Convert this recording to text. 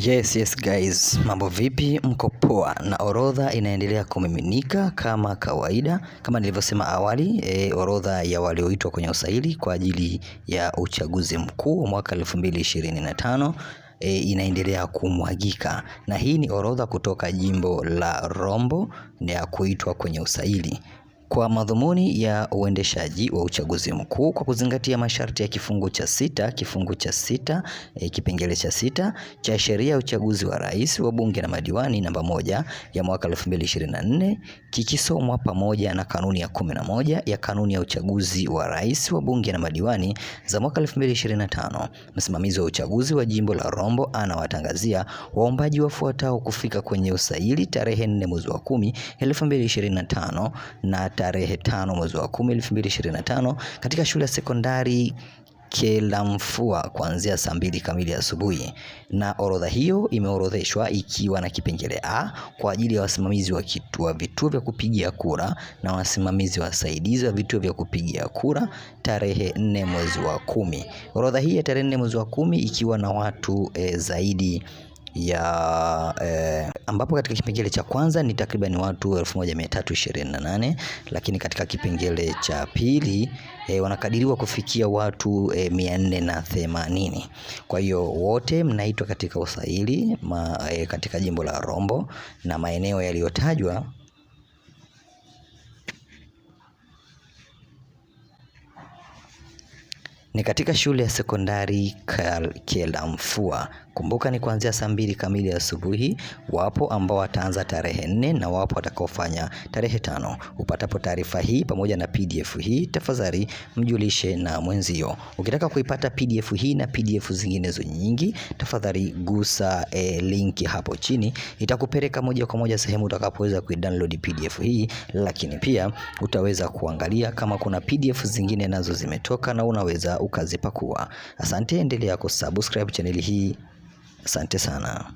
Yes, yes guys, mambo vipi? Mko poa? Na orodha inaendelea kumiminika kama kawaida, kama nilivyosema awali e, orodha ya walioitwa kwenye usaili kwa ajili ya uchaguzi mkuu wa mwaka 2025 E, inaendelea kumwagika na hii ni orodha kutoka jimbo la Rombo ya kuitwa kwenye usaili kwa madhumuni ya uendeshaji wa uchaguzi mkuu kwa kuzingatia masharti ya kifungu cha sita kifungu cha sita e, kipengele cha sita cha sheria ya uchaguzi wa rais wa bunge na madiwani namba moja ya mwaka 2024 kikisomwa pamoja na kanuni ya kumi na moja ya kanuni ya uchaguzi wa rais wa bunge na madiwani za mwaka 2025, msimamizi wa uchaguzi wa jimbo la Rombo anawatangazia waombaji wafuatao kufika kwenye usaili tarehe 4 mwezi wa 10 2025 na tarehe tano mwezi wa kumi na tano katika shule ya sekondari Kelamfua kuanzia saa mbili kamili asubuhi, na orodha hiyo imeorodheshwa ikiwa na kipengele A kwa ajili ya wasimamizi wa kituo, vituo vya kupigia kura na wasimamizi wasaidizi wa vituo vya kupigia kura tarehe nne mwezi wa kumi. Orodha hii ya tarehe nne mwezi wa kumi ikiwa na watu e, zaidi ya eh, ambapo katika kipengele cha kwanza ni takriban watu 1328 lakini katika kipengele cha pili eh, wanakadiriwa kufikia watu eh, 480. Kwa hiyo wote mnaitwa katika usaili ma, eh, katika jimbo la Rombo na maeneo yaliyotajwa Ni katika shule ya sekondari Kielamfua. Kumbuka ni kuanzia saa mbili kamili asubuhi. Wapo ambao wataanza tarehe nne na wapo watakaofanya tarehe tano. Upatapo taarifa hii pamoja na PDF hii, tafadhali mjulishe na mwenzio. Ukitaka kuipata PDF hii na PDF zinginezo nyingi, tafadhali gusa e, linki hapo chini, itakupeleka moja kwa moja sehemu utakapoweza kuidownload PDF hii, lakini pia utaweza kuangalia kama kuna PDF zingine nazo zimetoka na unaweza ukazipakua. Asante, endelea kusubscribe chaneli hii. Asante sana.